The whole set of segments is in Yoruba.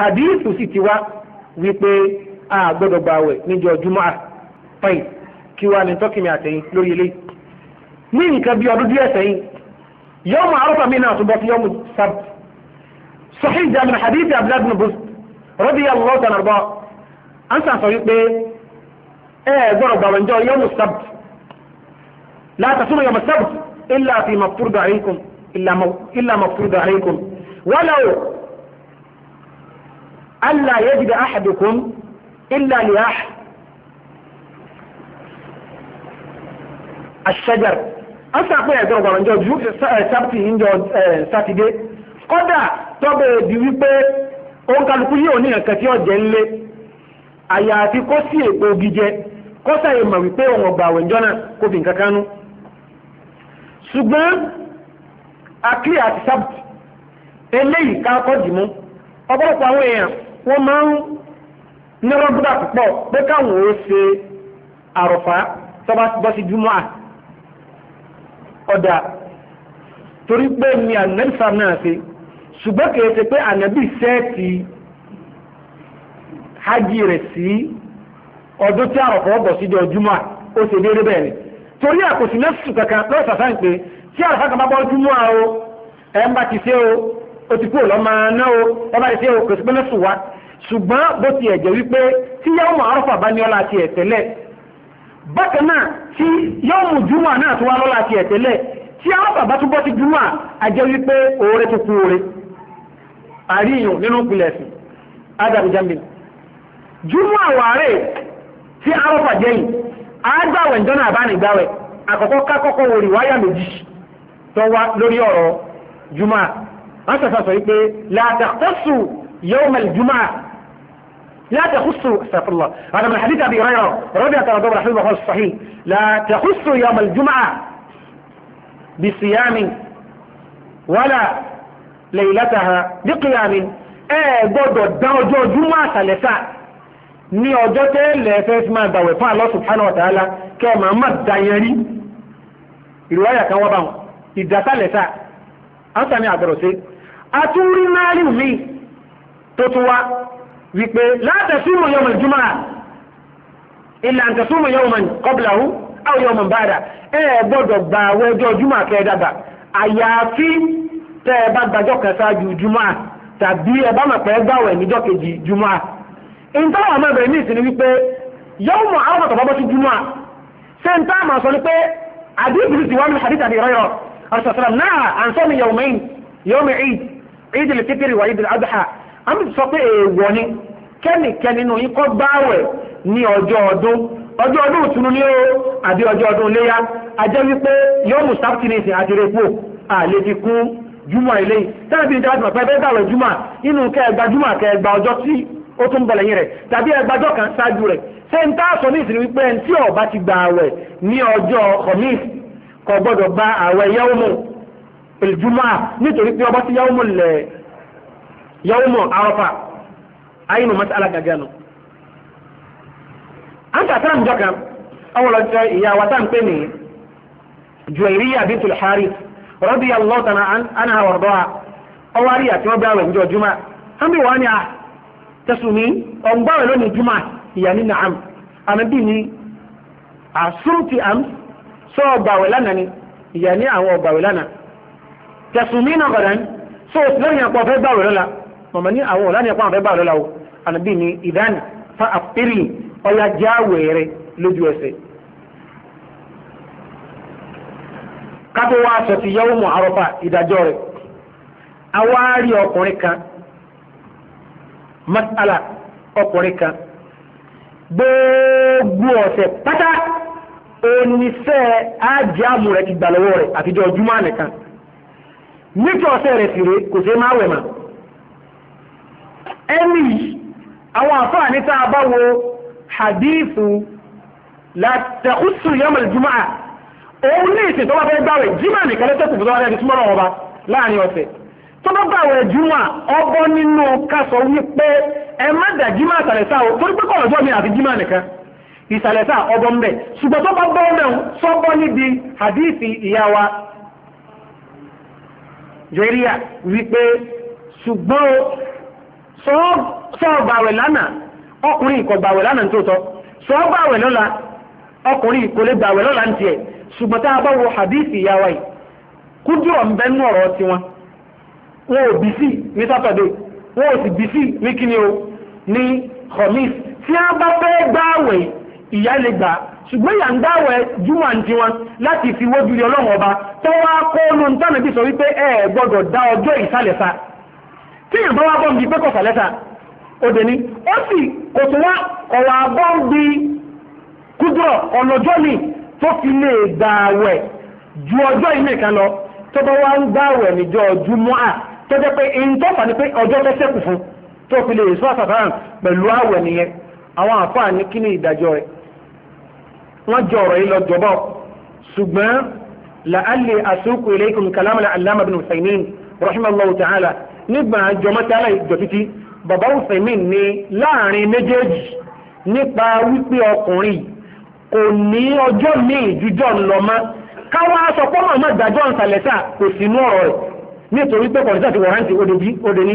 hadithu sì ti wá wípé a gbọ́dọ̀ gba àwẹ̀ níjọ́ jùmọ̀ à fain kí wàá ní tọ́kìmí àtẹ̀yìn lórí ilé ní nǹkan bí ọdún díẹ̀ sẹ́yìn yọ́mù àrùfà mi náà túbọ̀ sí yọ́mù sáb sọ́hìn jàmìn hadith abdullahi bin bus rọ́bì yà lọ́wọ́ tàn àrùbọ̀ an sàn sọ wípé ẹ gbọ́dọ̀ gba àwẹ̀ níjọ́ yọ́mù sáb láti súnmọ́ yọ́mù sáb ilà fi mafurudà alaykum ilà mafurudà alaykum wàlàó ألا يجد أحدكم إلا لأحد الشجر أسا أقول يا جرغب أنجو جو سابتي إنجو ساتيدي kódà tọ́bẹ̀ di wípé òǹkàlùkù yóò ní ẹ̀kẹ́ tí ó jẹ́ ńlé àyàfi kó sí èpo ogi jẹ kó sàyè mọ̀ wípé òun ọgbà àwẹ̀ ńjọ́ náà kó fi nǹkan kánú ṣùgbọ́n àkíyà àti sábùtì eléyìí ká kọ́ dì mú ọ̀pọ̀lọpọ̀ àwọn èèyàn wọ́n máa ń ní rọ́bùdà púpọ̀ pé káwọn ò ṣe àròfà tọ́ba bọ́ sí júmọ́ ọ̀dà torí pé mi ànábì sàm náà ṣe ṣùgbọ́n kìí ṣe pé ànábì sẹ́ẹ̀tì hajj rẹ̀ sí ọdún tí àròfà ọ̀bọ̀ síjọ júmọ́ ó ṣe déédéé bẹ́ẹ̀ ni torí o ẹ̀ o ti kúrò lọ́mọ náà o ọba ìṣe o kò wa ṣùgbọ́n bó ti ẹ̀jẹ̀ wípé tí yàwó mọ̀ àrọ́fà bá ní ọlá àti ẹ̀tẹ́lẹ̀ bákan náà tí yàwó mọ̀ júmọ̀ náà tó wá ẹ̀tẹ́lẹ̀ tí àrọ́fà bá túbọ̀ ti àjẹ́ wípé oore tó kú oore àríyàn nínú ìpìlẹ̀ ẹ̀sìn tí àrọ́fà jẹ́yìn àgbàwẹ̀ ìjọ́nà هذا فريق إيه؟ لا تختص يوم الجمعة لا تخص استغفر الله هذا من حديث ابي هريره رضي الله عنه رحمه الله الصحيح لا تخص يوم الجمعه بصيام ولا ليلتها بقيام اي بودو دو جو جمعه ثلاثة ني اوجوت لفس ما دو الله سبحانه وتعالى كما ما دايري روايه كان وبا اذا ثلاثة اسامي عبد الرسول àtúrí náírà mi tó tún wá wípé látẹ̀sùmù yọmọ ìjùmọ̀ ìlà àtẹ̀sùmù yọmọ kọ́bìlàhù àwọn yọmọ bàdà ẹ gbọ́dọ̀ gba àwọn ẹjọ́ jùmọ̀ kẹ́ẹ̀dàgbà àyàfi tẹ́ ẹ bá gbàjọ́ kẹsàájú jùmọ̀ tàbí ẹ bá mọ̀ pé ẹ gbàwẹ̀ níjọ́ kejì jùmọ̀ ìntàwọn ọmọ ẹbẹ̀rẹ̀ ní ìsinmi wípé yọ́wọ́ mọ̀ àwọn ọ̀tọ̀ bọ́ sí jùmọ̀ ṣe ń táàmà sọ ní pé àdébìrì ti Eid al-Fitr wa Eid al-Adha àmì sọ pé èèwọ̀ ni ni ó àbí ọjọ́ ọdún léyà ajẹ́ wípé yọ́ọ̀mù sáfìtìnìsì àti rẹ́pò àlejò kún júmọ̀ ilé yìí tẹ́lẹ̀ bí ìdájọ́ àpẹẹrẹ bẹ́ẹ̀ dàrọ̀ júmọ̀ inú kẹgbà júmọ̀ kẹgbà ọjọ́ n tá sọ ti gba gba ìjùmọ̀ nítorí pé ọba ti yàwó mọ̀ lẹ̀ yàwó mọ̀ àrọ́fà ayé nu mọ́tí alágàgà nù. à ń tàtàrà níjọ kan àwọn ọlọ́jọ́ ìyá wa tá à ń pè ní Juwairiyya bintul Harith radiyallahu ta'ala anha wardaha ọwọ́ àríyá tí wọ́n bá wẹ̀ níjọ jùmọ̀ à ń bí wọ́n á ní à tẹ̀sùnmí ọ̀ngbọ́n lónìí jùmọ̀ ìyá ní nàám àmì bí ní àsúntì àm sọ ọgbàwẹ̀ lánàá ni ìyá ní àwọn ọgbàwẹ̀ lánàá tẹ̀sùnmí náà bẹ̀rẹ̀ ní so lẹ́yìn àpò ọ̀fẹ́ gbàwé lọ́la mọ̀mọ́ ní àwọn ọ̀la ní àpò ọ̀fẹ́ gbàwé lọ́la o ànàbí ni ìdáni fa àpérì ọ̀ya jáwé rẹ lójú ẹsẹ̀. kátó wá aṣọ ti yẹ́wò mọ̀ àrọ́fà ìdájọ́ rẹ̀ awárí ọkùnrin kan masala ọkùnrin kan gbogbo ọ̀sẹ̀ pátá oníṣẹ́ ajáàmù rẹ̀ ti gbà lọ́wọ́ rẹ̀ àfijọ́ jùmọ̀ nìkan. níjọ ọ̀sẹ̀ rẹ̀ sì rè kò ṣe máa wẹ̀ mà ẹni àwọn àǹfààní tá a bá wo hadithu látẹkùsù yọmọ ìjùmọ̀ òun ní ìsìn tó bá fẹ́ gbàwẹ̀ jimá nìkan lẹ́tẹ̀kù tó bá ọba láàrin ọ̀sẹ̀ tó bá nínú ẹ má dà àtàlẹ̀ sáà torí pé kọ́ mi àti nìkan ìsàlẹ̀ sáà bẹ̀ ṣùgbọ́n tó bá bọ́ jẹ́ríà wípé ṣùgbọ́n sọ́ọ̀bàwẹ̀ lánàá ọkùnrin kò gbàwẹ̀ lánàá tó tọ́ sọ́ọ̀bàwẹ̀ lọ́la ọkùnrin kò lè lọ́la ṣùgbọ́n tá a hadith ìyá wa yìí kúndùrọ̀ ń ọ̀rọ̀ tiwọn wọn ò bìsí ní sátọ̀dé wọn ò sì o ní khamis tí ṣùgbọ́n ìyà ń dáwọ̀ júmọ̀ àǹtí wọn láti fi wójú ilé ọlọ́run ọba tó wá kó ló ń tánà bí sọ wípé ẹ gbọ́dọ̀ dá ọjọ́ ìsàlẹ̀ sa tí èèyàn bá wá bọ́ níbi pé kò sàlẹ̀ òde ni ó sì kò tún wá ọ̀wà bọ́ ń kúdùrọ̀ ọ̀nàjọ́ mi tó fi lè dàwẹ̀ ju ọjọ́ ilé kan lọ tó bá wá ń dáwẹ̀ níjọ́ júmọ́ à tó jẹ́ pé ìǹtọ́fà ni pé ọjọ́ tó ṣẹ́kù fún tó fi lè sọ́ àtàtà pẹ̀lú àwẹ̀ ni ìdájọ́ wọ́n jọ ọ̀rọ̀ yìí lọ jọ̀bọ̀ ṣùgbọ́n la'alli asuku ilaykum kalam al-allama ibn Uthaymin rahimahullahu ta'ala nígbà jọmọ́tálà ìjọ títí bàbá Uthaymin ni láàrin méjèèjì nípa wípé ọkùnrin kò ní ọjọ́ míì jújọ́ ńlọmọ́ káwá aṣọ pọ́nmọ́ náà dájọ́ nsàlẹ́sà kò sínú ọ̀rọ̀ rẹ̀ nítorí pé kọ̀ǹtà ti wọ̀rántì òdòdí òdòní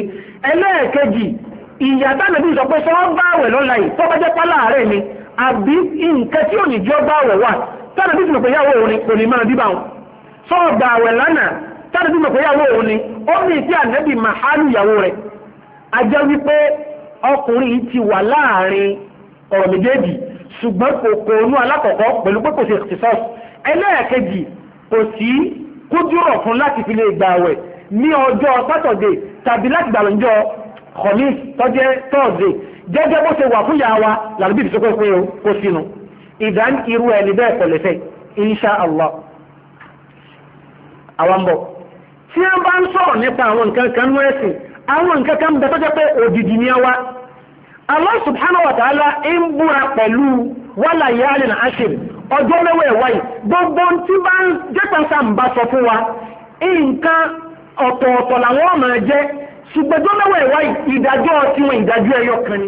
ẹlẹ́ẹ̀kejì ìyá tánàbí sọ pé sọ́wọ́n bá àwẹ̀ lọ́la yìí tọ́bẹ́jẹ́ pálá àárẹ̀ àbí nǹkan tí ò ní jọ bá ọ̀rọ̀ wà tọ́lá bí tìmọ̀ pé yàwó òun ni kò ní máa dí bá wọn sọ́ọ̀ gbà àwẹ̀ lánàá tọ́lá bí tìmọ̀ pé yàwó òun ni ó ní ìtí ànẹ́bì màhálù ìyàwó rẹ̀ a jẹ́ wípé ọkùnrin yìí ti wà láàrin ọ̀rọ̀ méjèèjì ṣùgbọ́n kò kò onú alákọ̀ọ́kọ́ pẹ̀lú pé kò sí ìtìsọ́ọ̀sì ẹlẹ́ẹ̀kejì kò sí kúdúrọ̀ fún láti fi lè gbà àwẹ̀ ní ọjọ́ sátọ̀dé tàbí láti gbà lọ́jọ́ tọ́jẹ́ tọ́ọ̀dé gẹ́gẹ́ bó ṣe wà fún ìyá wa làlùbí fi sọ́kọ́ pé ó sínú ìdán irú ẹni bẹ́ẹ̀ insha allah àwọn bọ̀ tí baa bá ń sọ̀rọ̀ nípa àwọn nǹkan kan nú ẹ̀sìn àwọn nǹkan kan tó jẹ́ pé òdìdì ni wa allah ta'ala ń búra pẹ̀lú wàlà na ashir ọjọ́ mẹ́wẹ̀ẹ́ wáyé gbogbo tí bá ń sọ wa nǹkan ọ̀tọ̀ọ̀tọ̀ làwọn ọmọ jẹ́ ṣùgbọ́n jọ́mẹ́wàá ìwáyìí ìdájọ́ tiwọn ìdájọ́ ẹyọ kan ni.